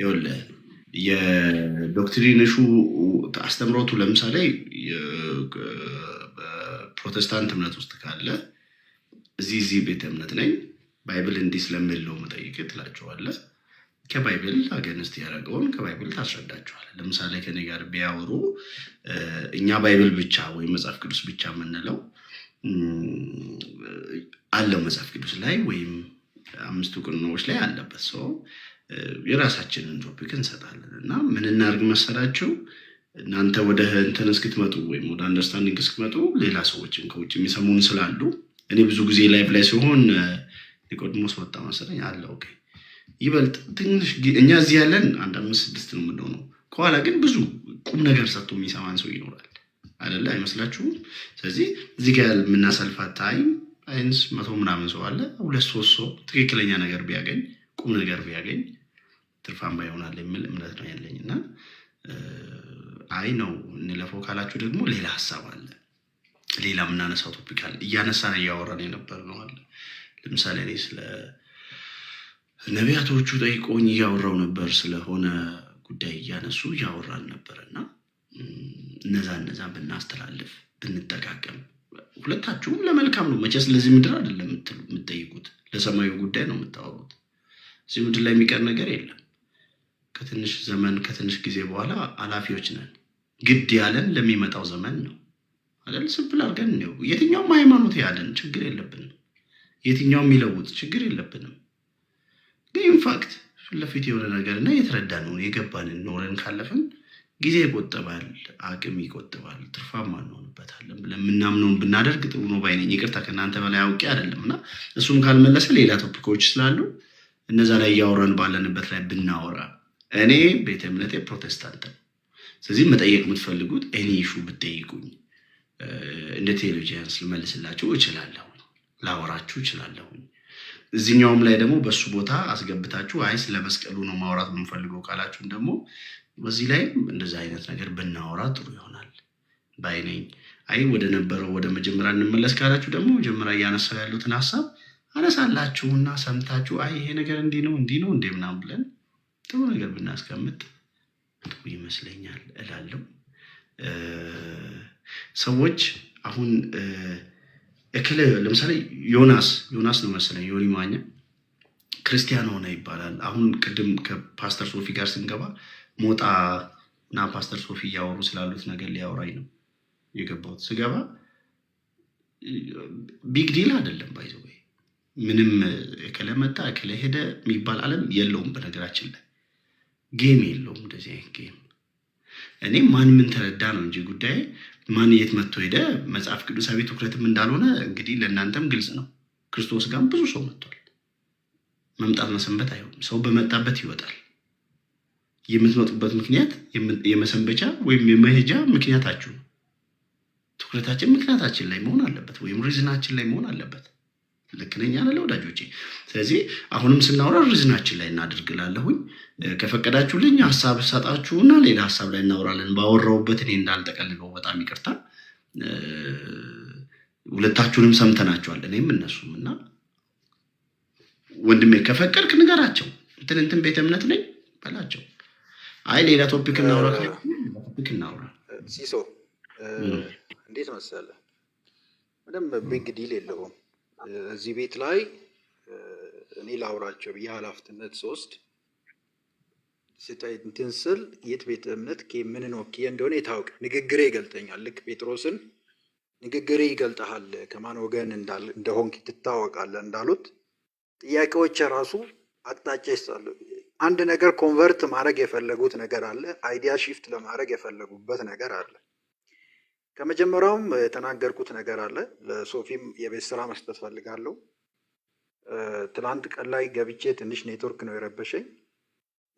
ይኸውልህ የዶክትሪንሹ አስተምሮቱ ለምሳሌ ፕሮቴስታንት እምነት ውስጥ ካለ እዚህ እዚህ ቤተ እምነት ነኝ ባይብል እንዲህ ስለሚል ነው መጠይቅ ትላቸዋለ። ከባይብል አገንስት ያደረገውን ከባይብል ታስረዳቸዋል። ለምሳሌ ከኔ ጋር ቢያወሩ እኛ ባይብል ብቻ ወይም መጽሐፍ ቅዱስ ብቻ የምንለው አለው መጽሐፍ ቅዱስ ላይ ወይም አምስቱ ቅኖች ላይ አለበት ሰው የራሳችንን ቶፒክ እንሰጣለን እና ምን እናድርግ መሰላችሁ እናንተ ወደ እንትን እስክትመጡ ወይም ወደ አንደርስታንዲንግ እስክትመጡ ሌላ ሰዎችም ከውጭ የሚሰሙን ስላሉ እኔ ብዙ ጊዜ ላይፍ ላይ ሲሆን ኒቆዲሞስ ወጣ መሰለኝ አለ ይበልጥ ትንሽ እኛ እዚህ ያለን አንድ አምስት ስድስት ነው የምንለው ነው ከኋላ ግን ብዙ ቁም ነገር ሰጥቶ የሚሰማን ሰው ይኖራል አይደለ አይመስላችሁም ስለዚህ እዚህ ጋር የምናሳልፋት ታይም አይንስ መቶ ምናምን ሰው አለ ሁለት ሶስት ሰው ትክክለኛ ነገር ቢያገኝ ቁም ነገር ቢያገኝ ትርፋማ ይሆናል የሚል እምነት ነው ያለኝ እና አይ ነው እንለፈው ካላችሁ ደግሞ ሌላ ሀሳብ አለ። ሌላ የምናነሳው ቶፒክ አለ። እያነሳን እያወራን የነበር ነው አለ። ለምሳሌ እኔ ስለ ነቢያቶቹ ጠይቆኝ እያወራው ነበር፣ ስለሆነ ጉዳይ እያነሱ እያወራን ነበር እና እነዛ እነዛ ብናስተላልፍ ብንጠቃቀም፣ ሁለታችሁም ለመልካም ነው መቼስ። ስለዚህ ምድር አይደለም የምትጠይቁት፣ ለሰማዩ ጉዳይ ነው የምታወሩት። እዚህ ምድር ላይ የሚቀር ነገር የለም። ከትንሽ ዘመን ከትንሽ ጊዜ በኋላ አላፊዎች ነን። ግድ ያለን ለሚመጣው ዘመን ነው አይደል? ስብል አድርገን ነው። የትኛውም ሃይማኖት ያለን ችግር የለብንም። የትኛውም የሚለውጥ ችግር የለብንም። ግን ኢንፋክት ፊት ለፊት የሆነ ነገር እና የተረዳነውን የገባንን ኖረን ካለፍን ጊዜ ይቆጥባል፣ አቅም ይቆጥባል፣ ትርፋማ እንሆንበታለን ብለን የምናምነውን ብናደርግ ጥሩ ነው ባይነኝ። ይቅርታ ከእናንተ በላይ አውቄ አይደለም እና እሱም ካልመለሰ ሌላ ቶፒኮች ስላሉ እነዛ ላይ እያወራን ባለንበት ላይ ብናወራ እኔ ቤተ እምነቴ ፕሮቴስታንት ነው። ስለዚህ መጠየቅ የምትፈልጉት እኔ ይሹ ብትጠይቁኝ እንደ ቴሎጂያንስ ልመልስላችሁ እችላለሁ፣ ላወራችሁ እችላለሁ። እዚህኛውም ላይ ደግሞ በሱ ቦታ አስገብታችሁ አይ ስለ መስቀሉ ነው ማውራት የምንፈልገው ካላችሁን ደግሞ በዚህ ላይ እንደዚህ አይነት ነገር ብናወራ ጥሩ ይሆናል ባይነኝ። አይ ወደ ነበረው ወደ መጀመሪያ እንመለስ ካላችሁ ደግሞ መጀመሪያ እያነሳው ያሉትን ሀሳብ አነሳላችሁና ሰምታችሁ አይ ይሄ ነገር እንዲህ ነው እንዲህ ነው እንዴ ምናምን ብለን ጥሩ ነገር ብናስቀምጥ ጥሩ ይመስለኛል እላለሁ። ሰዎች አሁን እክል ለምሳሌ ዮናስ ዮናስ ነው መሰለኝ ዮኒ ማኛ ክርስቲያን ሆነ ይባላል። አሁን ቅድም ከፓስተር ሶፊ ጋር ስንገባ ሞጣ እና ፓስተር ሶፊ እያወሩ ስላሉት ነገር ሊያወራኝ ነው የገባሁት። ስገባ ቢግ ዲል አይደለም ባይዘወይ ምንም እከለ መጣ እከለ ሄደ የሚባል ዓለም የለውም። በነገራችን ላይ ጌም የለውም። እንደዚህ አይነት ጌም እኔ ማን ምን ተረዳ ነው እንጂ ጉዳይ ማን የት መጥቶ ሄደ መጽሐፍ ቅዱሳዊ ትኩረትም እንዳልሆነ እንግዲህ ለእናንተም ግልጽ ነው። ክርስቶስ ጋርም ብዙ ሰው መጥቷል። መምጣት መሰንበት አይሆንም። ሰው በመጣበት ይወጣል። የምትመጡበት ምክንያት የመሰንበቻ ወይም የመሄጃ ምክንያታችሁ ነው። ትኩረታችን ምክንያታችን ላይ መሆን አለበት፣ ወይም ሪዝናችን ላይ መሆን አለበት። ልክ ነኝ አለ ወዳጆቼ። ስለዚህ አሁንም ስናወራ ርዝናችን ላይ እናደርግላለሁኝ። ከፈቀዳችሁልኝ ሀሳብ ሰጣችሁና ሌላ ሀሳብ ላይ እናወራለን። ባወራውበት እኔ እንዳልጠቀልለው በጣም ይቅርታ። ሁለታችሁንም ሰምተናቸዋል፣ እኔም እነሱም እና ወንድሜ ከፈቀድክ ንገራቸው። እንትን እንትን ቤተ እምነት ነኝ በላቸው። አይ ሌላ ቶፒክ እናውራ ቶፒክ እናውራ። ሲሶ እንዴት መሰለህ፣ ምንም ቢግ ዲል የለውም እዚህ ቤት ላይ እኔ ላውራቸው ብዬ ኃላፊነት ስወስድ እንትን ስል የት ቤተ እምነት ምንን ወክዬ እንደሆነ የታወቅ ንግግሬ ይገልጠኛል። ልክ ጴጥሮስን ንግግሬ ይገልጠሃል፣ ከማን ወገን እንደሆንክ ትታወቃለ እንዳሉት ጥያቄዎች ራሱ አቅጣጫ ይሳሉ። አንድ ነገር ኮንቨርት ማድረግ የፈለጉት ነገር አለ። አይዲያ ሺፍት ለማድረግ የፈለጉበት ነገር አለ። ከመጀመሪያውም የተናገርኩት ነገር አለ። ለሶፊም የቤት ስራ መስጠት ፈልጋለሁ። ትናንት ቀን ላይ ገብቼ ትንሽ ኔትወርክ ነው የረበሸኝ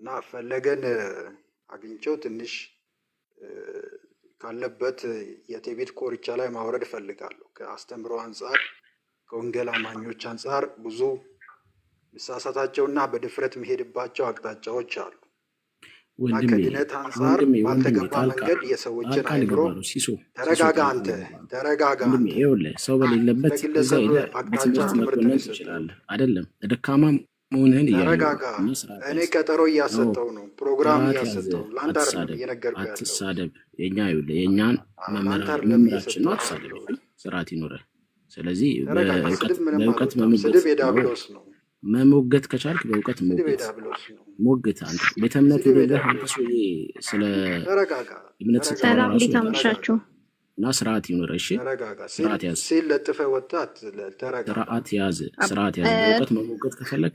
እና ፈለገን አግኝቸው ትንሽ ካለበት የቴቤት ኮርቻ ላይ ማውረድ እፈልጋለሁ። ከአስተምሮ አንጻር፣ ከወንጌል አማኞች አንጻር ብዙ ምሳሳታቸውና በድፍረት መሄድባቸው አቅጣጫዎች አሉ። ከድነት አንጻር ባልተገባ መንገድ የሰዎችን አይምሮ ተረጋጋ፣ አንተ ተረጋጋ። ሰው በሌለበት እዛ ሄደህ በትምህርት መቆነን ትችላለህ። አይደለም ደካማ መሆንህን ተረጋጋ። እኔ ቀጠሮ እያሰጠው ነው፣ ፕሮግራም እያሰጠው ለአንተ እየነገርኩህ አትሳደብ። የኛ ይኸውልህ የእኛን መምህራችን ነው፣ አትሳደብ። ስርዓት ይኖራል። ስለዚህ በእውቀት መሞገት ከቻልክ በእውቀት ሞገት ሞግት አንተ ቤተ እምነት ሄደህ አንተ ሰውዬ ስለ እምነት ስታወራ እና ስርዓት ይኑር። እሺ ስርዓት ያዝ፣ ስርዓት ያዝ፣ ስርዓት ያዝ። በእውቀት መሞገት ከፈለግ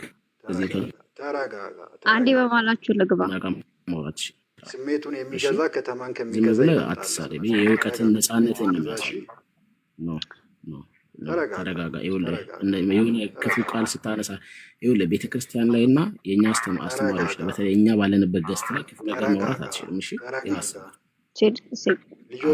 አንዴ በማላችሁ ልግባ ስሜቱን የሚገዛ ከተማን ከሚገዛ አትሳደብ። የእውቀትን ነፃነትን ነው ተረጋጋ። የሆነ ክፉ ቃል ስታነሳ ይኸውልህ፣ ቤተክርስቲያን ላይ እና የእኛ አስተማሪዎች ላይ በተለይ እኛ ባለንበት ገስት ላይ ክፉ ነገር ማውራት አትችልም። እሺ ይናስባል ባልተገባ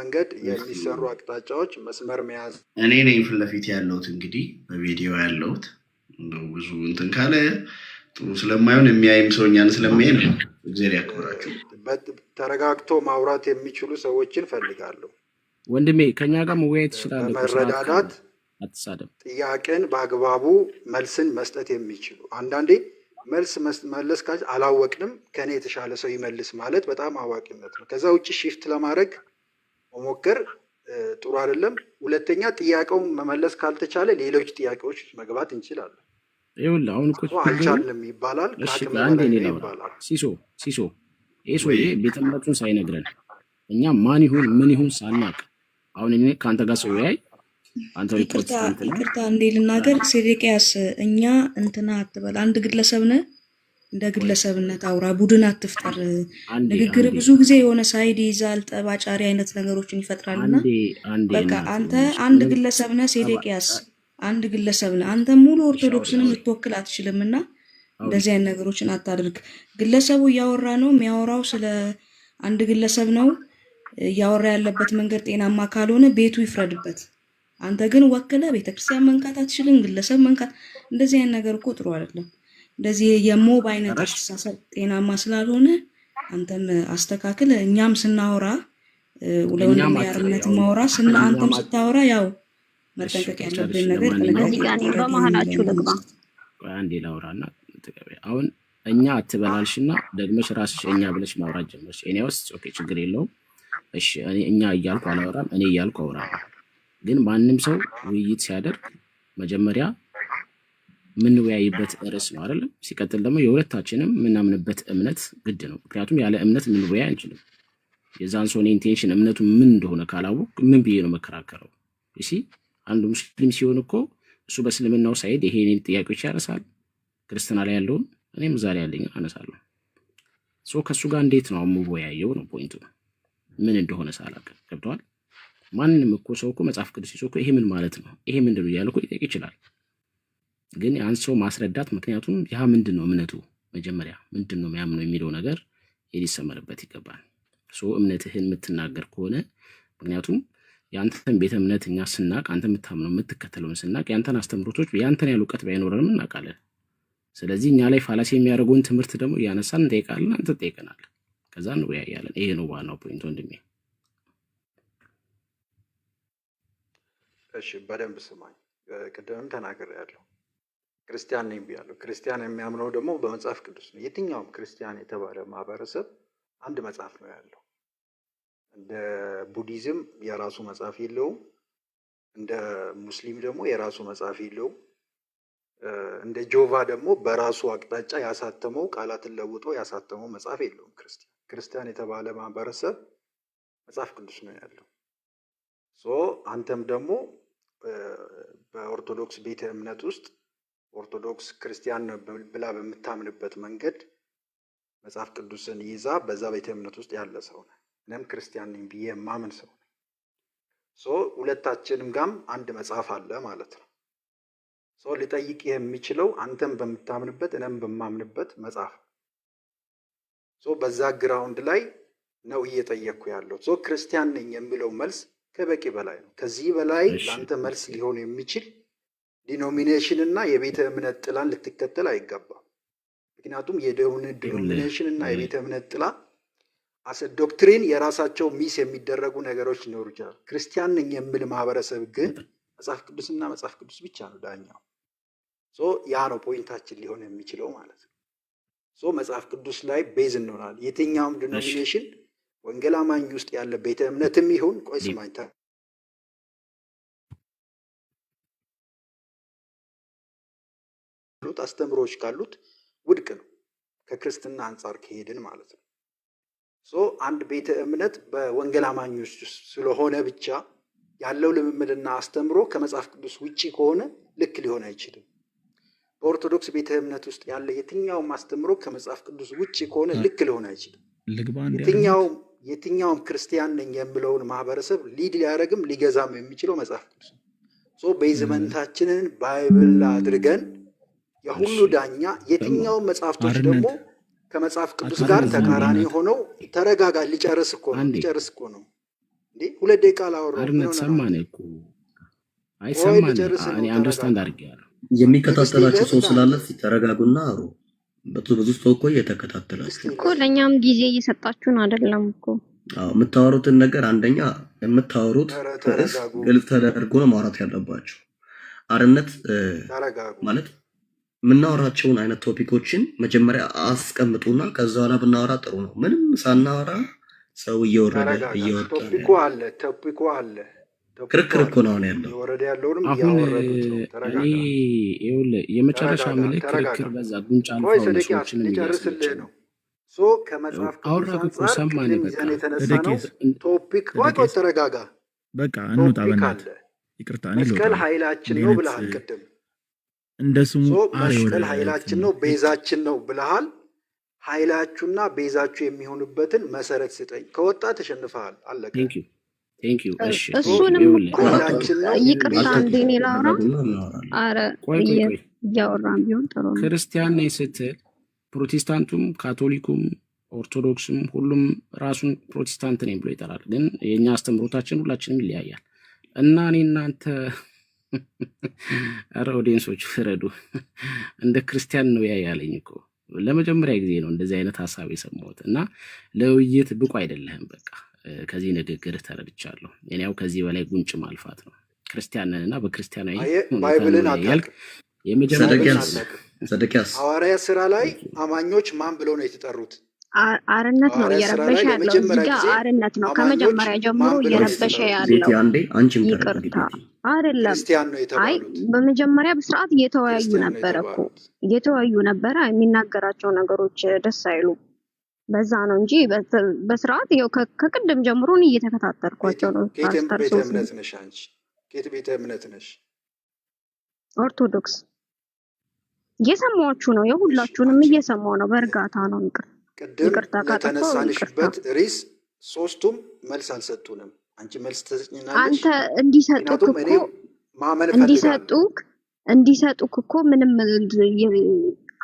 መንገድ የሚሰሩ አቅጣጫዎች መስመር መያዝ እኔ ነኝ ፊት ለፊት ያለሁት እንግዲህ በቪዲዮ ያለሁት እንደው ብዙ እንትን ካለ ጥሩ ስለማይሆን የሚያይም ሰው እኛን ስለሚያይ ነው። ያክብራችሁ። ተረጋግቶ ማውራት የሚችሉ ሰዎችን ፈልጋለሁ። ወንድሜ ከኛ ጋር መወያየት ይችላል። መረዳዳት፣ ጥያቄን በአግባቡ መልስን መስጠት የሚችሉ አንዳንዴ መልስ መለስ ካ አላወቅንም ከእኔ የተሻለ ሰው ይመልስ ማለት በጣም አዋቂነት ነው። ከዛ ውጭ ሽፍት ለማድረግ መሞከር ጥሩ አይደለም። ሁለተኛ ጥያቄውን መመለስ ካልተቻለ ሌሎች ጥያቄዎች መግባት እንችላለን። ይኸውልህ አሁን እኮ አልቻልም ይባላል። አንዴ እኔ ሲሶ ሲሶ ይህ ቤተ እምነቱን ሳይነግረን እኛ ማን ይሁን ምን ይሁን ሳናቅ አሁን እኔ ከአንተ ጋር ሰው ያይ አንተ ይቅርታ እንዴ ልናገር። ሴዴቅያስ እኛ እንትና አትበል፣ አንድ ግለሰብ ነህ፣ እንደ ግለሰብነት አውራ፣ ቡድን አትፍጠር። ንግግር ብዙ ጊዜ የሆነ ሳይድ ይዛል፣ ጠባጫሪ አይነት ነገሮችን ይፈጥራልና በቃ አንተ አንድ ግለሰብ ነህ ሴዴቅያስ አንድ ግለሰብ ነህ አንተ ሙሉ ኦርቶዶክስንም ልትወክል አትችልም። እና እንደዚህ አይነት ነገሮችን አታድርግ። ግለሰቡ እያወራ ነው የሚያወራው ስለ አንድ ግለሰብ ነው እያወራ ያለበት መንገድ ጤናማ ካልሆነ ቤቱ ይፍረድበት። አንተ ግን ወክለ ቤተክርስቲያን መንካት አትችልም፣ ግለሰብ መንካት። እንደዚህ አይነት ነገር እኮ ጥሩ አይደለም። እንደዚህ የሞብ አይነት አስተሳሰብ ጤናማ ስላልሆነ አንተም አስተካክል። እኛም ስናወራ ለወንድም ያርነት ማውራ አንተም ስታወራ ያው መጠንቀቅ ያለብን ነገር በመሀላችሁ ልግባ። አንዴ ላውራ አሁን እኛ አትበላልሽ እና ደግመሽ ራስሽ እኛ ብለሽ ማውራት ጀመርሽ። እኔ ውስጥ ኦኬ፣ ችግር የለውም እሺ፣ እኛ እያልኩ አላወራም፣ እኔ እያልኩ አውራ። ግን ማንም ሰው ውይይት ሲያደርግ መጀመሪያ የምንወያይበት ርዕስ ነው አይደለም። ሲቀጥል ደግሞ የሁለታችንም የምናምንበት እምነት ግድ ነው። ምክንያቱም ያለ እምነት የምንወያይ አንችልም። የዛን ሰውን ኢንቴንሽን እምነቱ ምን እንደሆነ ካላወቅ ምን ብዬ ነው መከራከረው? አንዱ ሙስሊም ሲሆን እኮ እሱ በእስልምናው ሳይድ ይሄ ጥያቄዎች ያነሳል። ክርስትና ላይ ያለውን እኔም ላይ ያለኝ አነሳለሁ። ሶ ከእሱ ጋር እንዴት ነው የምወያየው ነው ፖይንቱ፣ ምን እንደሆነ ሳላቅ ገብተዋል። ማንም እኮ ሰው እኮ መጽሐፍ ቅዱስ ይዞ እኮ ይሄ ምን ማለት ነው ይሄ ምንድን ነው እያለ እኮ ይችላል። ግን ያን ሰው ማስረዳት፣ ምክንያቱም ያ ምንድን ነው እምነቱ መጀመሪያ ምንድን ነው የሚያምነው የሚለው ነገር ሊሰመርበት ይገባል። ሶ እምነትህን የምትናገር ከሆነ ምክንያቱም የአንተን ቤተ እምነት እኛ ስናቅ አንተ የምታምነው የምትከተለውን ስናቅ ያንተን አስተምሮቶች ያንተን ያሉ እውቀት ባይኖረንም እናውቃለን። ስለዚህ እኛ ላይ ፋላሲ የሚያደርገውን ትምህርት ደግሞ እያነሳን እንጠይቃለን፣ አንተ ጠይቀናል፣ ከዛ እንወያያለን። ይሄ ነው ዋናው ፖይንት ወንድሜ። እሺ በደንብ ስማኝ። ቅድምም ተናገር ያለው ክርስቲያን ነኝ ብያለሁ። ክርስቲያን የሚያምነው ደግሞ በመጽሐፍ ቅዱስ ነው። የትኛውም ክርስቲያን የተባለ ማህበረሰብ አንድ መጽሐፍ ነው ያለው እንደ ቡዲዝም የራሱ መጽሐፍ የለውም። እንደ ሙስሊም ደግሞ የራሱ መጽሐፍ የለውም። እንደ ጆቫ ደግሞ በራሱ አቅጣጫ ያሳተመው ቃላትን ለውጦ ያሳተመው መጽሐፍ የለውም። ክርስቲያን ክርስቲያን የተባለ ማህበረሰብ መጽሐፍ ቅዱስ ነው ያለው። አንተም ደግሞ በኦርቶዶክስ ቤተ እምነት ውስጥ ኦርቶዶክስ ክርስቲያን ብላ በምታምንበት መንገድ መጽሐፍ ቅዱስን ይዛ በዛ ቤተ እምነት ውስጥ ያለ ሰው ነው። እኔም ክርስቲያን ነኝ ብዬ የማምን ሰው ነኝ። ሶ ሁለታችንም ጋም አንድ መጽሐፍ አለ ማለት ነው። ሶ ልጠይቅ የሚችለው አንተም በምታምንበት እኔም በማምንበት መጽሐፍ ሶ በዛ ግራውንድ ላይ ነው እየጠየቅኩ ያለው። ሶ ክርስቲያን ነኝ የሚለው መልስ ከበቂ በላይ ነው። ከዚህ በላይ ለአንተ መልስ ሊሆን የሚችል ዲኖሚኔሽን እና የቤተ እምነት ጥላን ልትከተል አይገባም። ምክንያቱም የዲኖሚኔሽን እና የቤተ እምነት ጥላ አሰ ዶክትሪን የራሳቸው ሚስ የሚደረጉ ነገሮች ሊኖሩ ይችላል። ክርስቲያን ነኝ የሚል ማህበረሰብ ግን መጽሐፍ ቅዱስና መጽሐፍ ቅዱስ ብቻ ነው ዳኛው። ያ ነው ፖይንታችን ሊሆን የሚችለው ማለት ነው። መጽሐፍ ቅዱስ ላይ ቤዝ እንሆናል። የትኛውም ዲኖሚኔሽን ወንጌል አማኝ ውስጥ ያለ ቤተ እምነትም ይሁን ቆይ ስማኝታ አስተምሮዎች ካሉት ውድቅ ነው ከክርስትና አንጻር ከሄድን ማለት ነው። አንድ ቤተ እምነት በወንጌል አማኞች ስለሆነ ብቻ ያለው ልምምድና አስተምሮ ከመጽሐፍ ቅዱስ ውጭ ከሆነ ልክ ሊሆን አይችልም። በኦርቶዶክስ ቤተ እምነት ውስጥ ያለ የትኛውም አስተምሮ ከመጽሐፍ ቅዱስ ውጭ ከሆነ ልክ ሊሆን አይችልም። የትኛውም ክርስቲያን ነኝ የምለውን ማህበረሰብ ሊድ ሊያደረግም ሊገዛም የሚችለው መጽሐፍ ቅዱስ ነው። ቤዝመንታችንን ባይብል አድርገን የሁሉ ዳኛ የትኛውም መጽሐፍቶች ደግሞ ከመጽሐፍ ቅዱስ ጋር ተቃራኒ ሆነው ተረጋጋ። ሊጨርስ እኮ ነው፣ ሊጨርስ እኮ ነው። እንዴ ሁለት ደቂቃ ላወራው አድመት ሰማን እኮ አይ እኔ አንደርስታንድ አድርጌያለሁ። የሚከታተላቸው ሰው ስላለ ተረጋጉና አሩ ብዙ ሰው እኮ እየተከታተላችሁ እኮ ለእኛም ጊዜ እየሰጣችሁን አይደለም እኮ የምታወሩትን ነገር አንደኛ የምታወሩት ርዕስ ግልጽ ተደርጎ ነው ማውራት ያለባችሁ። አርነት ማለት የምናወራቸውን አይነት ቶፒኮችን መጀመሪያ አስቀምጡና ከዛ በኋላ ብናወራ ጥሩ ነው። ምንም ሳናወራ ሰው እየወረደ እየወጣ ክርክር እኮ ነው ያለው። አሁን ይኸውልህ የመጨረሻ ምልክ ክርክር በዛ ጉንጫ ንፋዎችን የሚያስችል ነው። አውራ እኮ ሰማን። በቃ በቃ እንውጣ። በናት ይቅርታ መስቀል ኃይላችን ነው ብለሃል ቅድም እንደ ስሙ መስቀል ኃይላችን ነው ቤዛችን ነው ብለሃል። ኃይላችሁና ቤዛችሁ የሚሆንበትን መሰረት ስጠኝ። ከወጣ ተሸንፈሃል። አለቀ። እሱንም ይቅርታ እንዴ እኔ ላውራ። እያወራን ቢሆን ጥሩ ክርስቲያን ነኝ ስትል ፕሮቴስታንቱም ካቶሊኩም ኦርቶዶክስም ሁሉም ራሱን ፕሮቴስታንት ነኝ ብሎ ይጠራል። ግን የእኛ አስተምሮታችን ሁላችንም ይለያያል እና እኔ እናንተ አረ ኦዲየንሶች ፍረዱ። እንደ ክርስቲያን ነው ያ ያለኝ እኮ ለመጀመሪያ ጊዜ ነው እንደዚህ አይነት ሀሳብ የሰማሁት እና ለውይይት ብቁ አይደለህም በቃ ከዚህ ንግግርህ ተረድቻለሁ። እኔ ያው ከዚህ በላይ ጉንጭ ማልፋት ነው። ክርስቲያንን እና በክርስቲያናዊ ሰደቅያስ ሐዋርያ ስራ ላይ አማኞች ማን ብለው ነው የተጠሩት? አርነት ነው እየረበሸ ያለው እዚህ ጋር አርነት ነው ከመጀመሪያ ጀምሮ እየረበሸ ያለው። ይቅርታ አይደለም። አይ በመጀመሪያ በስርዓት እየተወያዩ ነበረ እኮ እየተወያዩ ነበረ። የሚናገራቸው ነገሮች ደስ አይሉ በዛ ነው እንጂ በስርዓት ው ከቅድም ጀምሮ እየተከታተልኳቸው ነው። ቤተ ቤተ እምነት ነሽ? ኦርቶዶክስ። እየሰማችሁ ነው። የሁላችሁንም እየሰማው ነው። በእርጋታ ነው። ይቅርታ ቅድም ለተነሳንሽበት ሪስ ሶስቱም መልስ አልሰጡንም። አንቺ መልስ ትሰጭኛለሽ። አንተ እንዲሰጡክ እኮ ማመን እንዲሰጡክ እንዲሰጡክ እኮ ምንም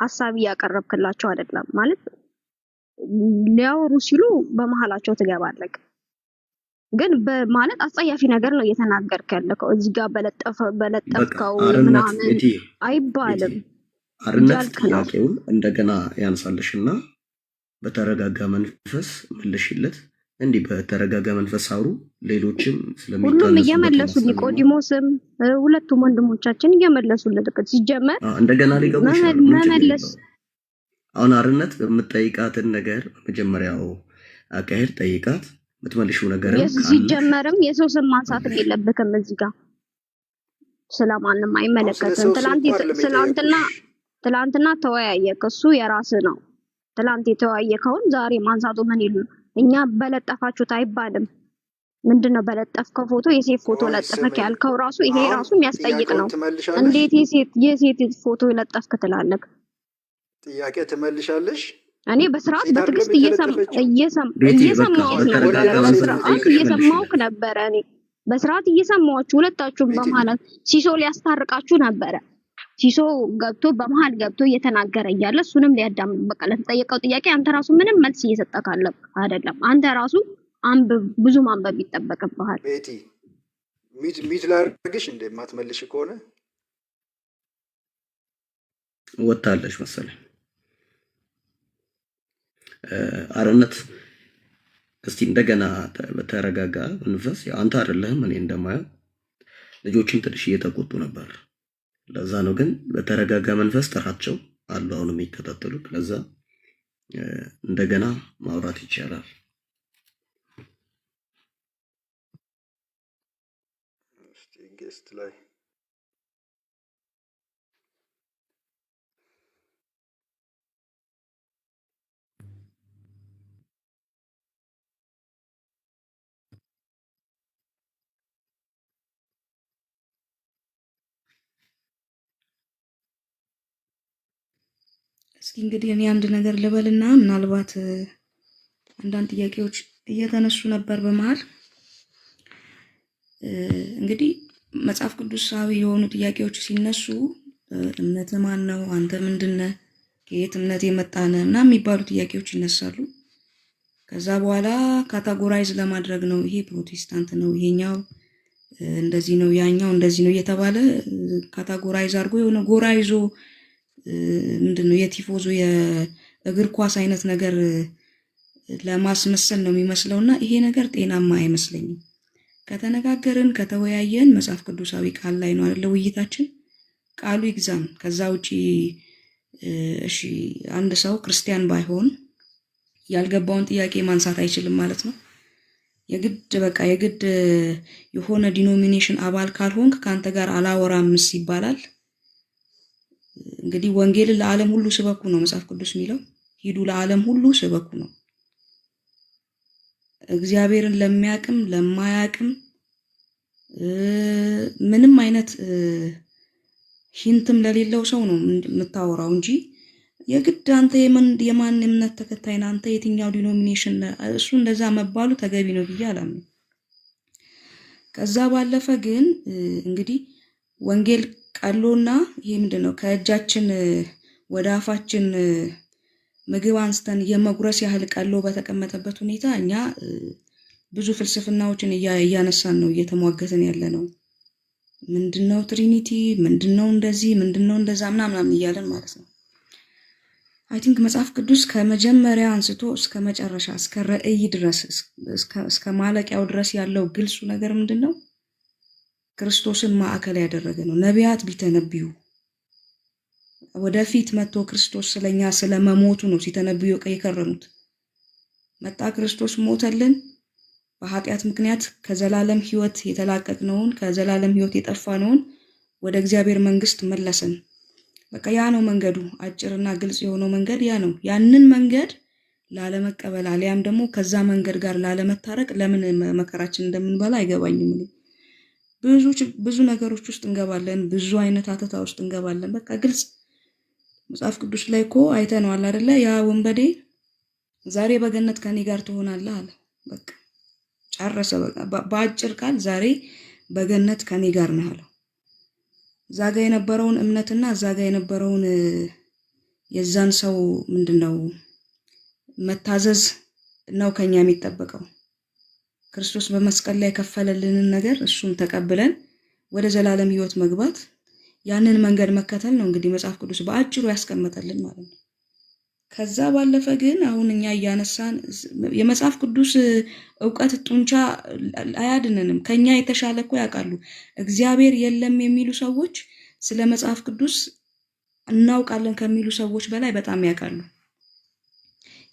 ሀሳብ እያቀረብክላቸው አይደለም ማለት ሊያወሩ ሲሉ በመሀላቸው ትገባለህ። ግን ማለት አስጸያፊ ነገር ነው እየተናገርክ ያለከው። እዚህ ጋር በለጠፍከው ምናምን አይባልም። አርነት ጥያቄውን እንደገና ያንሳልሽ እና በተረጋጋ መንፈስ መልሽለት። እንዲህ በተረጋጋ መንፈስ አውሩ። ሌሎችም ሁሉም እየመለሱ ኒቆዲሞስም ሁለቱም ወንድሞቻችን እየመለሱ ለጥቅት ሲጀመር እንደገና ሊገቡ አሁን አርነት የምትጠይቃትን ነገር መጀመሪያው አካሄድ ጠይቃት የምትመልሽው ነገር ሲጀመርም የሰው ስም ማንሳት የለብክም እዚህ ጋር ስለማንም አይመለከትም። ትላንትና ተወያየ። ክሱ የራስ ነው ትላንት የተወያየከውን ዛሬ ማንሳቱ ምን ይሉ እኛ በለጠፋችሁት አይባልም። ምንድን ነው በለጠፍከው ፎቶ የሴት ፎቶ ለጠፈክ ያልከው ራሱ ይሄ ራሱ የሚያስጠይቅ ነው። እንዴት የሴት የሴት ፎቶ ለጠፍክ ትላለህ? ጥያቄ ትመልሻለሽ። እኔ በስርዓት በትዕግስት እየሰማሁት ነበረ። በስርዓት እየሰማሁህ ነበረ። እኔ በስርዓት እየሰማኋችሁ ሁለታችሁም በማለት ሲሶ ሊያስታርቃችሁ ነበረ ሲሶ ገብቶ በመሀል ገብቶ እየተናገረ እያለ እሱንም ሊያዳም በቃ ለተጠየቀው ጥያቄ አንተ ራሱ ምንም መልስ እየሰጠ ካለ አይደለም አንተ ራሱ አንብብ፣ ብዙ ማንበብ ይጠበቅብሃል። ቤቲ ሚት ሚት ላርግሽ እንደ ማትመልሽ ከሆነ ወታለሽ መሰለኝ አርነት እስቲ እንደገና በተረጋጋ መንፈስ አንተ አይደለህም እኔ እንደማየው ልጆችን ትንሽ እየተቆጡ ነበር ለዛ ነው ግን በተረጋጋ መንፈስ ጥራቸው አሉ አሁን የሚከታተሉ ለዛ እንደገና ማውራት ይቻላል። ስቲንግስት ላይ እንግዲህ እኔ አንድ ነገር ልበልና ምናልባት አንዳንድ ጥያቄዎች እየተነሱ ነበር በመሃል። እንግዲህ መጽሐፍ ቅዱሳዊ የሆኑ ጥያቄዎች ሲነሱ እምነት ማን ነው? አንተ ምንድነ? ከየት እምነት የመጣነ እና የሚባሉ ጥያቄዎች ይነሳሉ። ከዛ በኋላ ካታጎራይዝ ለማድረግ ነው። ይሄ ፕሮቴስታንት ነው፣ ይሄኛው እንደዚህ ነው፣ ያኛው እንደዚህ ነው እየተባለ ካታጎራይዝ አድርጎ የሆነ ጎራ ይዞ ምንድን ነው የቲፎዞ የእግር ኳስ አይነት ነገር ለማስመሰል ነው የሚመስለውና ይሄ ነገር ጤናማ አይመስለኝም። ከተነጋገርን ከተወያየን መጽሐፍ ቅዱሳዊ ቃል ላይ ነው አይደለ? ውይይታችን ቃሉ ይግዛን። ከዛ ውጪ እሺ፣ አንድ ሰው ክርስቲያን ባይሆን ያልገባውን ጥያቄ ማንሳት አይችልም ማለት ነው። የግድ በቃ የግድ የሆነ ዲኖሚኔሽን አባል ካልሆንክ ከአንተ ጋር አላወራምስ ይባላል። እንግዲህ ወንጌልን ለዓለም ሁሉ ስበኩ ነው መጽሐፍ ቅዱስ የሚለው። ሂዱ ለዓለም ሁሉ ስበኩ ነው። እግዚአብሔርን ለሚያቅም ለማያቅም ምንም አይነት ሂንትም ለሌለው ሰው ነው የምታወራው እንጂ የግድ አንተ የማን እምነት ተከታይ አንተ የትኛው ዲኖሚኔሽን እሱ እንደዛ መባሉ ተገቢ ነው ብዬ አላምንም። ከዛ ባለፈ ግን እንግዲህ ወንጌል ቀሎና ይሄ ምንድን ነው? ከእጃችን ወደ አፋችን ምግብ አንስተን የመጉረስ ያህል ቀሎ በተቀመጠበት ሁኔታ እኛ ብዙ ፍልስፍናዎችን እያነሳን ነው እየተሟገትን ያለ ነው። ምንድን ነው ትሪኒቲ? ምንድን ነው እንደዚህ? ምንድን ነው እንደዛ? ምናምናምን እያለን ማለት ነው። አይ ቲንክ መጽሐፍ ቅዱስ ከመጀመሪያ አንስቶ እስከ መጨረሻ እስከ ረእይ ድረስ እስከ ማለቂያው ድረስ ያለው ግልጹ ነገር ምንድን ነው? ክርስቶስን ማዕከል ያደረገ ነው። ነቢያት ቢተነብዩ ወደፊት መጥቶ ክርስቶስ ስለኛ ስለመሞቱ ነው ሲተነብዩ የከረሙት። መጣ ክርስቶስ ሞተልን። በኃጢአት ምክንያት ከዘላለም ሕይወት የተላቀቅነውን ከዘላለም ሕይወት የጠፋነውን ወደ እግዚአብሔር መንግስት መለሰን። በቃ ያ ነው መንገዱ። አጭርና ግልጽ የሆነው መንገድ ያ ነው። ያንን መንገድ ላለመቀበል አሊያም ደግሞ ከዛ መንገድ ጋር ላለመታረቅ ለምን መከራችን እንደምንበላ አይገባኝም። ብዙ ብዙ ነገሮች ውስጥ እንገባለን። ብዙ አይነት አተታ ውስጥ እንገባለን። በቃ ግልጽ መጽሐፍ ቅዱስ ላይ እኮ አይተነዋል አይደለ? ያ ወንበዴ ዛሬ በገነት ከኔ ጋር ትሆናለህ አለ። በቃ ጨረሰ። በቃ በአጭር ቃል ዛሬ በገነት ከኔ ጋር ነው አለው። እዛ ጋ የነበረውን እምነትና እዛ ጋ የነበረውን የዛን ሰው ምንድን ነው መታዘዝ ነው ከኛ የሚጠበቀው። ክርስቶስ በመስቀል ላይ የከፈለልንን ነገር እሱን ተቀብለን ወደ ዘላለም ህይወት መግባት ያንን መንገድ መከተል ነው እንግዲህ መጽሐፍ ቅዱስ በአጭሩ ያስቀመጠልን ማለት ነው። ከዛ ባለፈ ግን አሁን እኛ እያነሳን የመጽሐፍ ቅዱስ እውቀት ጡንቻ አያድንንም። ከኛ የተሻለ እኮ ያውቃሉ። እግዚአብሔር የለም የሚሉ ሰዎች ስለ መጽሐፍ ቅዱስ እናውቃለን ከሚሉ ሰዎች በላይ በጣም ያውቃሉ።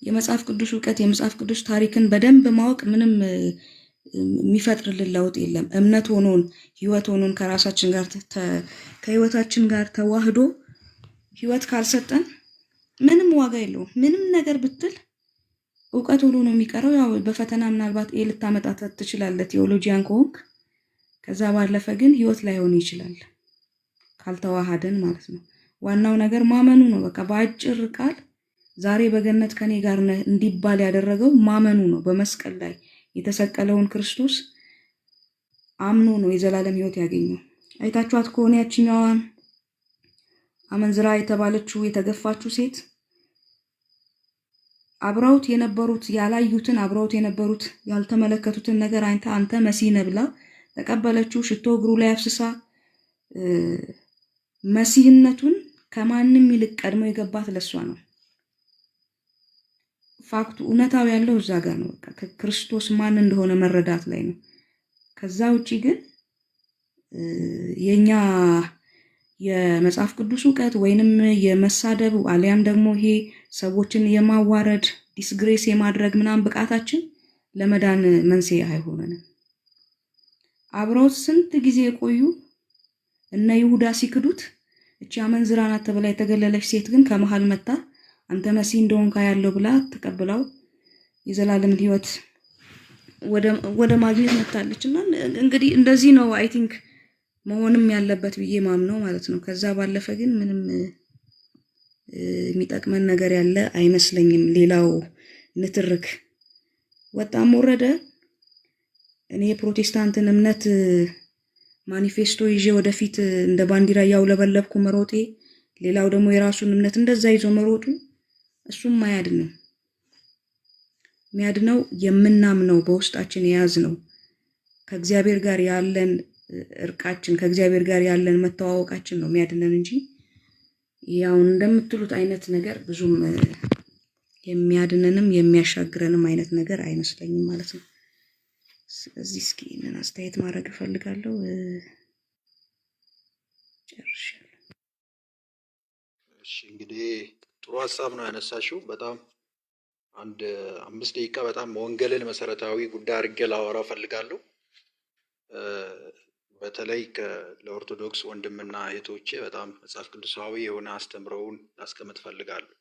የመጽሐፍ ቅዱስ እውቀት የመጽሐፍ ቅዱስ ታሪክን በደንብ ማወቅ ምንም የሚፈጥርልን ለውጥ የለም። እምነት ሆኖን ህይወት ሆኖን ከራሳችን ጋር ከህይወታችን ጋር ተዋህዶ ህይወት ካልሰጠን ምንም ዋጋ የለውም። ምንም ነገር ብትል እውቀት ሆኖ ነው የሚቀረው። ያው በፈተና ምናልባት ኤ ልታመጣት ትችላለህ ቴዎሎጂያን ከሆንክ። ከዛ ባለፈ ግን ህይወት ላይሆን ይችላል ካልተዋሃደን ማለት ነው። ዋናው ነገር ማመኑ ነው። በቃ በአጭር ቃል ዛሬ በገነት ከኔ ጋር ነህ እንዲባል ያደረገው ማመኑ ነው። በመስቀል ላይ የተሰቀለውን ክርስቶስ አምኖ ነው የዘላለም ሕይወት ያገኘው። አይታችኋት ከሆነ ያችኛዋን አመንዝራ የተባለችው የተገፋችው ሴት አብረውት የነበሩት ያላዩትን አብረውት የነበሩት ያልተመለከቱትን ነገር አይንተ አንተ መሲህ ነህ ብላ ተቀበለችው። ሽቶ እግሩ ላይ አፍስሳ መሲህነቱን ከማንም ይልቅ ቀድሞ የገባት ለሷ ነው። ፋክቱ እውነታው ያለው እዛ ጋር ነው። በቃ ከክርስቶስ ማን እንደሆነ መረዳት ላይ ነው። ከዛ ውጪ ግን የኛ የመጽሐፍ ቅዱስ እውቀት ወይንም የመሳደብ አሊያም ደግሞ ይሄ ሰዎችን የማዋረድ ዲስግሬስ የማድረግ ምናምን ብቃታችን ለመዳን መንስኤ አይሆነንም። አብረውት ስንት ጊዜ የቆዩ እነ ይሁዳ ሲክዱት እቺ አመንዝራ ናት ተብላ የተገለለች ሴት ግን ከመሃል መታ አንተ መሲህ እንደሆንካ ያለው ብላ ተቀብላው የዘላለም ህይወት ወደ ማግኘት መታለች። እና እንግዲህ እንደዚህ ነው አይ ቲንክ መሆንም ያለበት ብዬ ማምነው ማለት ነው። ከዛ ባለፈ ግን ምንም የሚጠቅመን ነገር ያለ አይመስለኝም። ሌላው ንትርክ ወጣም ወረደ እኔ የፕሮቴስታንትን እምነት ማኒፌስቶ ይዤ ወደፊት እንደ ባንዲራ እያውለበለብኩ መሮጤ፣ ሌላው ደግሞ የራሱን እምነት እንደዛ ይዞ መሮጡ እሱም ማያድነው የሚያድነው የምናምነው በውስጣችን የያዝነው ከእግዚአብሔር ጋር ያለን እርቃችን ከእግዚአብሔር ጋር ያለን መተዋወቃችን ነው የሚያድነን እንጂ ያው እንደምትሉት አይነት ነገር ብዙም የሚያድነንም የሚያሻግረንም አይነት ነገር አይመስለኝም ማለት ነው። ስለዚህ እስኪ ይህንን አስተያየት ማድረግ እፈልጋለሁ። ጨርሻለሁ። እሺ እንግዲህ ጥሩ ሀሳብ ነው ያነሳሽው። በጣም አንድ አምስት ደቂቃ በጣም ወንጌልን መሰረታዊ ጉዳይ አድርጌ ላወራ ፈልጋለሁ። በተለይ ለኦርቶዶክስ ወንድምና እህቶቼ በጣም መጽሐፍ ቅዱሳዊ የሆነ አስተምረውን ላስቀምጥ ፈልጋለሁ።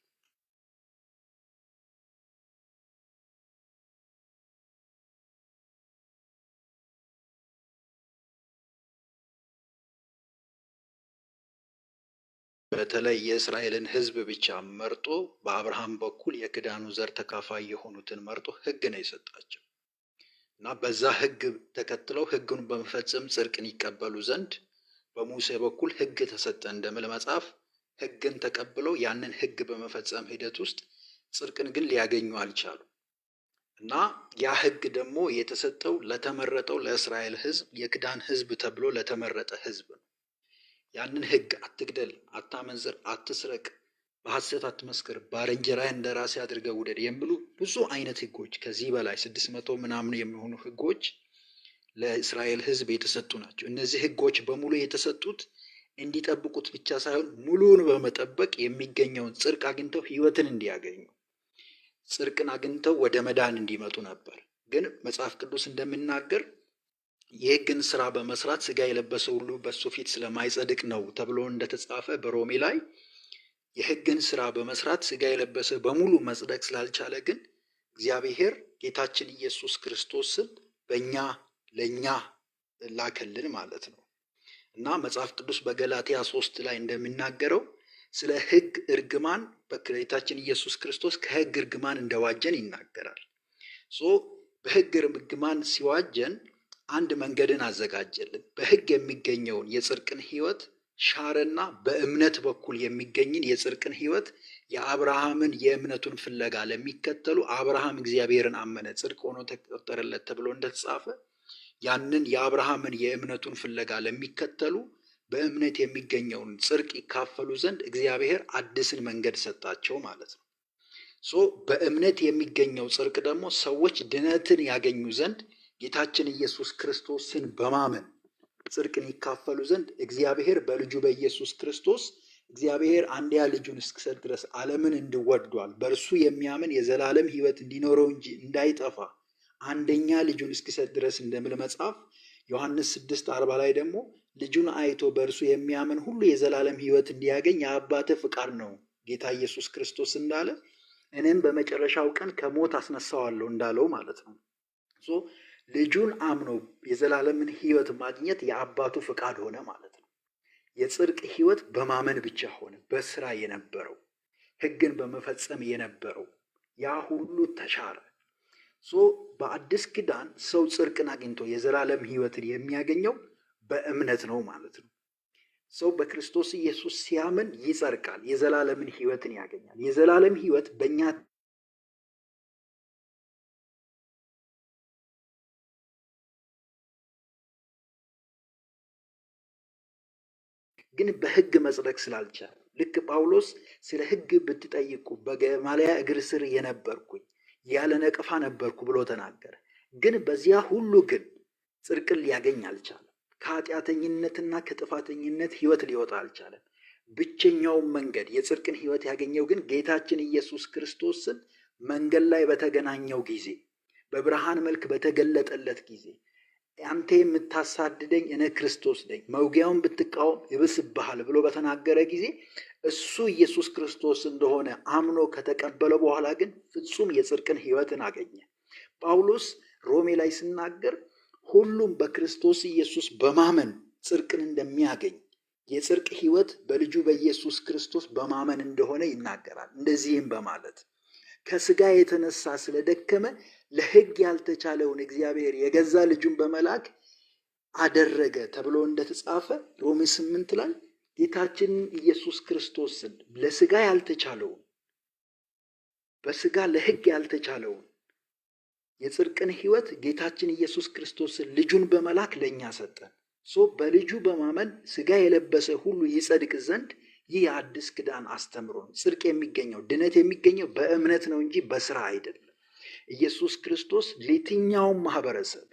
በተለይ የእስራኤልን ሕዝብ ብቻ መርጦ በአብርሃም በኩል የክዳኑ ዘር ተካፋይ የሆኑትን መርጦ ሕግ ነው የሰጣቸው እና በዛ ሕግ ተከትለው ሕግን በመፈጸም ጽድቅን ይቀበሉ ዘንድ በሙሴ በኩል ሕግ ተሰጠ እንደምል መጽሐፍ ሕግን ተቀብለው ያንን ሕግ በመፈጸም ሂደት ውስጥ ጽድቅን ግን ሊያገኙ አልቻሉ እና ያ ሕግ ደግሞ የተሰጠው ለተመረጠው ለእስራኤል ሕዝብ የክዳን ሕዝብ ተብሎ ለተመረጠ ሕዝብ ነው። ያንን ህግ አትግደል፣ አታመንዝር፣ አትስረቅ፣ በሐሰት አትመስክር፣ ባልንጀራህን እንደ ራስህ አድርገህ ውደድ የሚሉ ብዙ አይነት ህጎች ከዚህ በላይ ስድስት መቶ ምናምን የሚሆኑ ህጎች ለእስራኤል ህዝብ የተሰጡ ናቸው። እነዚህ ህጎች በሙሉ የተሰጡት እንዲጠብቁት ብቻ ሳይሆን ሙሉውን በመጠበቅ የሚገኘውን ጽድቅ አግኝተው ህይወትን እንዲያገኙ ጽድቅን አግኝተው ወደ መዳን እንዲመጡ ነበር። ግን መጽሐፍ ቅዱስ እንደሚናገር የሕግን ስራ በመስራት ስጋ የለበሰ ሁሉ በሱ ፊት ስለማይጸድቅ ነው ተብሎ እንደተጻፈ በሮሜ ላይ የህግን ስራ በመስራት ስጋ የለበሰ በሙሉ መጽደቅ ስላልቻለ ግን እግዚአብሔር ጌታችን ኢየሱስ ክርስቶስን በእኛ ለእኛ ላከልን ማለት ነው እና መጽሐፍ ቅዱስ በገላትያ ሶስት ላይ እንደሚናገረው ስለ ህግ እርግማን በጌታችን ኢየሱስ ክርስቶስ ከህግ እርግማን እንደዋጀን ይናገራል። ሶ በሕግ እርግማን ሲዋጀን አንድ መንገድን አዘጋጀልን። በሕግ የሚገኘውን የጽድቅን ሕይወት ሻረና በእምነት በኩል የሚገኝን የጽድቅን ሕይወት የአብርሃምን የእምነቱን ፍለጋ ለሚከተሉ አብርሃም እግዚአብሔርን አመነ ጽድቅ ሆኖ ተቆጠረለት ተብሎ እንደተጻፈ ያንን የአብርሃምን የእምነቱን ፍለጋ ለሚከተሉ በእምነት የሚገኘውን ጽድቅ ይካፈሉ ዘንድ እግዚአብሔር አዲስን መንገድ ሰጣቸው ማለት ነው። ሶ በእምነት የሚገኘው ጽድቅ ደግሞ ሰዎች ድነትን ያገኙ ዘንድ ጌታችን ኢየሱስ ክርስቶስን በማመን ጽድቅን ይካፈሉ ዘንድ እግዚአብሔር በልጁ በኢየሱስ ክርስቶስ እግዚአብሔር አንድያ ልጁን እስክሰጥ ድረስ ዓለምን እንዲወዷል በእርሱ የሚያምን የዘላለም ሕይወት እንዲኖረው እንጂ እንዳይጠፋ አንደኛ ልጁን እስኪሰጥ ድረስ እንደምል መጽሐፍ ዮሐንስ ስድስት አርባ ላይ ደግሞ ልጁን አይቶ በእርሱ የሚያምን ሁሉ የዘላለም ሕይወት እንዲያገኝ የአባተ ፍቃድ ነው ጌታ ኢየሱስ ክርስቶስ እንዳለ እኔም በመጨረሻው ቀን ከሞት አስነሳዋለሁ እንዳለው ማለት ነው። ልጁን አምኖ የዘላለምን ህይወት ማግኘት የአባቱ ፍቃድ ሆነ ማለት ነው። የጽድቅ ህይወት በማመን ብቻ ሆነ። በስራ የነበረው ህግን በመፈጸም የነበረው ያ ሁሉ ተሻረ። ሶ በአዲስ ኪዳን ሰው ጽድቅን አግኝቶ የዘላለም ህይወትን የሚያገኘው በእምነት ነው ማለት ነው። ሰው በክርስቶስ ኢየሱስ ሲያምን ይጸድቃል፣ የዘላለምን ህይወትን ያገኛል። የዘላለም ህይወት በእኛ ግን በህግ መጽደቅ ስላልቻለ ልክ ጳውሎስ ስለ ህግ ብትጠይቁ በገማልያ እግር ስር የነበርኩኝ ያለ ነቀፋ ነበርኩ ብሎ ተናገረ። ግን በዚያ ሁሉ ግን ጽድቅን ሊያገኝ አልቻለም። ከኃጢአተኝነትና ከጥፋተኝነት ህይወት ሊወጣ አልቻለም። ብቸኛውን መንገድ የጽድቅን ህይወት ያገኘው ግን ጌታችን ኢየሱስ ክርስቶስን መንገድ ላይ በተገናኘው ጊዜ፣ በብርሃን መልክ በተገለጠለት ጊዜ አንተ የምታሳድደኝ እኔ ክርስቶስ ነኝ፣ መውጊያውን ብትቃወም ይብስብሃል ብሎ በተናገረ ጊዜ እሱ ኢየሱስ ክርስቶስ እንደሆነ አምኖ ከተቀበለ በኋላ ግን ፍጹም የጽድቅን ሕይወትን አገኘ። ጳውሎስ ሮሜ ላይ ሲናገር ሁሉም በክርስቶስ ኢየሱስ በማመን ጽድቅን እንደሚያገኝ የጽድቅ ሕይወት በልጁ በኢየሱስ ክርስቶስ በማመን እንደሆነ ይናገራል። እንደዚህም በማለት ከስጋ የተነሳ ስለደከመ ለሕግ ያልተቻለውን እግዚአብሔር የገዛ ልጁን በመላክ አደረገ ተብሎ እንደተጻፈ ሮሜ ስምንት ላይ ጌታችን ኢየሱስ ክርስቶስን ለስጋ ያልተቻለውን በስጋ ለሕግ ያልተቻለውን የጽድቅን ሕይወት ጌታችን ኢየሱስ ክርስቶስን ልጁን በመላክ ለእኛ ሰጠን። ሶ በልጁ በማመን ስጋ የለበሰ ሁሉ ይጸድቅ ዘንድ ይህ የአዲስ ኪዳን አስተምሮ ነው። ጽድቅ የሚገኘው ድነት የሚገኘው በእምነት ነው እንጂ በስራ አይደለም። ኢየሱስ ክርስቶስ ለየትኛውም ማህበረሰብ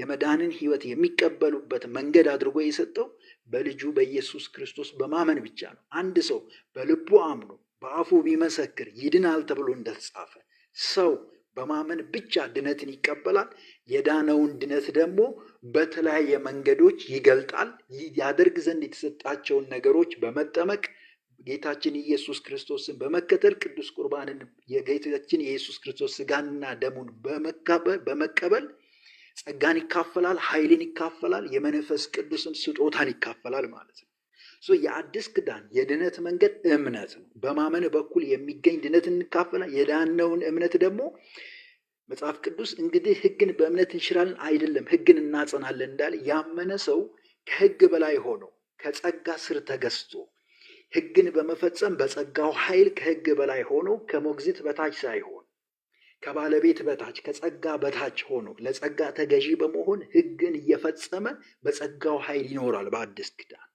የመዳንን ህይወት የሚቀበሉበት መንገድ አድርጎ የሰጠው በልጁ በኢየሱስ ክርስቶስ በማመን ብቻ ነው። አንድ ሰው በልቡ አምኖ በአፉ ቢመሰክር ይድናል ተብሎ እንደተጻፈ ሰው በማመን ብቻ ድነትን ይቀበላል። የዳነውን ድነት ደግሞ በተለያየ መንገዶች ይገልጣል። ያደርግ ዘንድ የተሰጣቸውን ነገሮች በመጠመቅ ጌታችን ኢየሱስ ክርስቶስን በመከተል ቅዱስ ቁርባንን የጌታችን የኢየሱስ ክርስቶስ ስጋንና ደሙን በመቀበል ጸጋን ይካፈላል፣ ኃይልን ይካፈላል፣ የመንፈስ ቅዱስን ስጦታን ይካፈላል ማለት ነው። የአዲስ ክዳን የድነት መንገድ እምነት ነው። በማመን በኩል የሚገኝ ድነት እንካፈላል። የዳነውን እምነት ደግሞ መጽሐፍ ቅዱስ እንግዲህ ሕግን በእምነት እንሽራለን አይደለም፣ ሕግን እናጸናለን እንዳለ ያመነ ሰው ከሕግ በላይ ሆኖ ከጸጋ ስር ተገዝቶ ሕግን በመፈጸም በጸጋው ኃይል ከሕግ በላይ ሆኖ ከሞግዚት በታች ሳይሆን ከባለቤት በታች ከጸጋ በታች ሆኖ ለጸጋ ተገዢ በመሆን ሕግን እየፈጸመ በጸጋው ኃይል ይኖራል በአዲስ ኪዳን።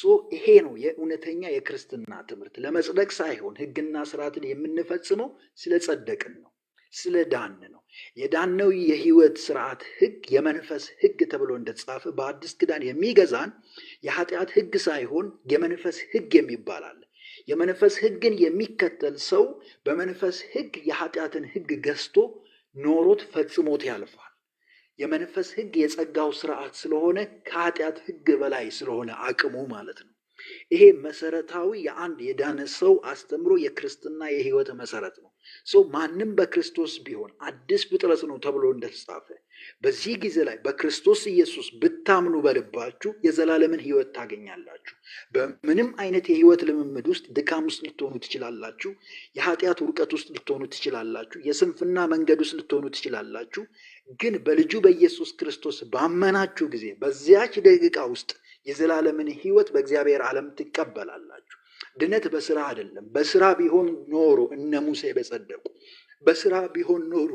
ሶ ይሄ ነው የእውነተኛ የክርስትና ትምህርት። ለመጽደቅ ሳይሆን ሕግና ስርዓትን የምንፈጽመው ስለ ጸደቅን ነው። ስለ ዳን ነው። የዳነው የህይወት ስርዓት ህግ የመንፈስ ህግ ተብሎ እንደተጻፈ በአዲስ ኪዳን የሚገዛን የኃጢአት ህግ ሳይሆን የመንፈስ ህግ የሚባላል። የመንፈስ ህግን የሚከተል ሰው በመንፈስ ህግ የኃጢአትን ህግ ገዝቶ ኖሮት ፈጽሞት ያልፋል። የመንፈስ ህግ የጸጋው ስርዓት ስለሆነ ከኃጢአት ህግ በላይ ስለሆነ አቅሙ ማለት ነው። ይሄ መሰረታዊ የአንድ የዳነ ሰው አስተምሮ የክርስትና የህይወት መሰረት ነው። ሰው ማንም በክርስቶስ ቢሆን አዲስ ፍጥረት ነው ተብሎ እንደተጻፈ በዚህ ጊዜ ላይ በክርስቶስ ኢየሱስ ብታምኑ በልባችሁ የዘላለምን ህይወት ታገኛላችሁ። በምንም አይነት የህይወት ልምምድ ውስጥ ድካም ውስጥ ልትሆኑ ትችላላችሁ። የኃጢአት ውርቀት ውስጥ ልትሆኑ ትችላላችሁ። የስንፍና መንገድ ውስጥ ልትሆኑ ትችላላችሁ። ግን በልጁ በኢየሱስ ክርስቶስ ባመናችሁ ጊዜ በዚያች ደቂቃ ውስጥ የዘላለምን ህይወት በእግዚአብሔር ዓለም ትቀበላላችሁ። ድነት በስራ አይደለም። በስራ ቢሆን ኖሮ እነ ሙሴ በጸደቁ። በስራ ቢሆን ኖሮ